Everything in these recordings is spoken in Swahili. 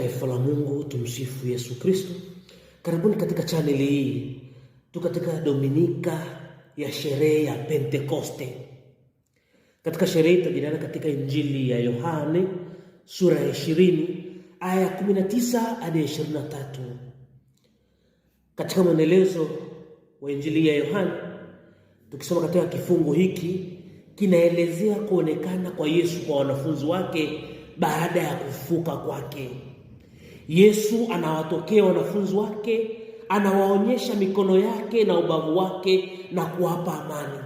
Taifa la Mungu, tumsifu Yesu Kristo. Karibuni katika chaneli hii, tu katika Dominika ya sherehe ya Pentekoste. Katika sherehe hii katika Injili ya Yohane sura ya ishirini aya 19 hadi ya Katika mwendelezo wa Injili ya Yohane, tukisoma katika kifungu hiki kinaelezea kuonekana kwa Yesu kwa wanafunzi wake baada ya kufuka kwake. Yesu anawatokea wanafunzi wake, anawaonyesha mikono yake na ubavu wake na kuwapa amani.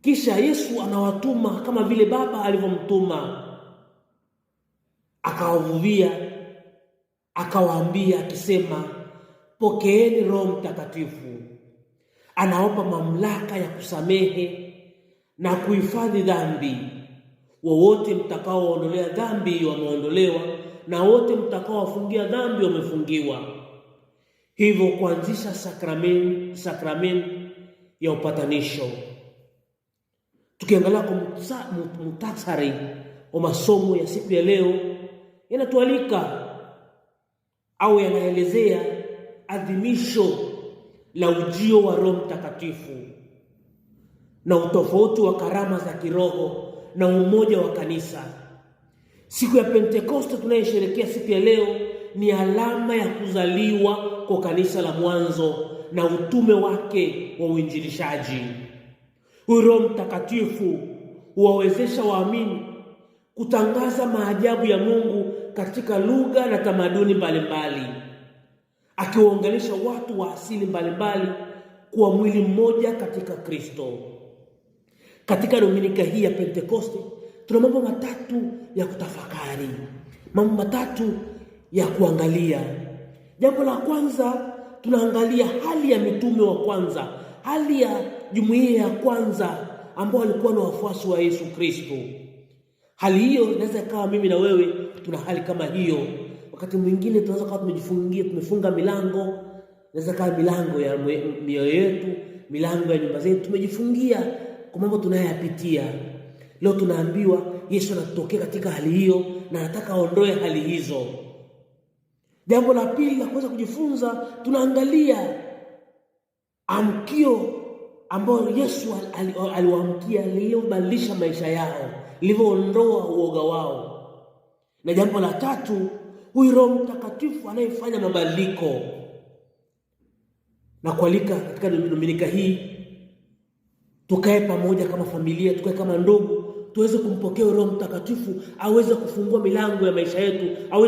Kisha Yesu anawatuma kama vile Baba alivyomtuma, akawavuvia, akawaambia akisema, pokeeni Roho Mtakatifu. Anawapa mamlaka ya kusamehe na kuhifadhi dhambi. Wowote mtakaoondolea dhambi wameondolewa na wote mtakaowafungia dhambi wamefungiwa. Hivyo kuanzisha sakramenti sakramenti ya upatanisho. Tukiangalia kwa muhtasari wa masomo ya siku ya leo, yanatualika au yanaelezea adhimisho la ujio wa Roho Mtakatifu na utofauti wa karama za kiroho na umoja wa kanisa. Siku ya Pentekoste tunayesherekea siku ya leo ni alama ya kuzaliwa kwa kanisa la mwanzo na utume wake wa uinjilishaji. Roho Mtakatifu huwawezesha waamini kutangaza maajabu ya Mungu katika lugha na tamaduni mbalimbali, akiwaunganisha watu wa asili mbalimbali kuwa mwili mmoja katika Kristo. Katika Dominika hii ya Pentekoste tuna mambo matatu ya kutafakari, mambo matatu ya kuangalia. Jambo la kwanza, tunaangalia hali ya mitume wa kwanza, hali ya jumuiya ya kwanza ambao walikuwa na wafuasi wa Yesu Kristo. Hali hiyo inaweza ikawa mimi na wewe tuna hali kama hiyo. Wakati mwingine tunaweza kuwa tumejifungia, tumefunga milango, inaweza kawa milango ya mioyo yetu, milango ya nyumba zetu tumejifungia kwa mambo tunayoyapitia. Leo tunaambiwa Yesu anatokea katika hali hiyo na anataka aondoe hali hizo. Jambo la pili la kuweza kujifunza, tunaangalia amkio ambayo Yesu aliwaamkia al, al, al, maisha yao, lilivyoondoa uoga wao. Na jambo la tatu, huyu Roho Mtakatifu anayefanya mabadiliko na kualika katika Dominika hii tukae pamoja kama familia, tukae kama ndugu tuweze kumpokea Roho Mtakatifu aweze kufungua milango ya maisha yetu, aweze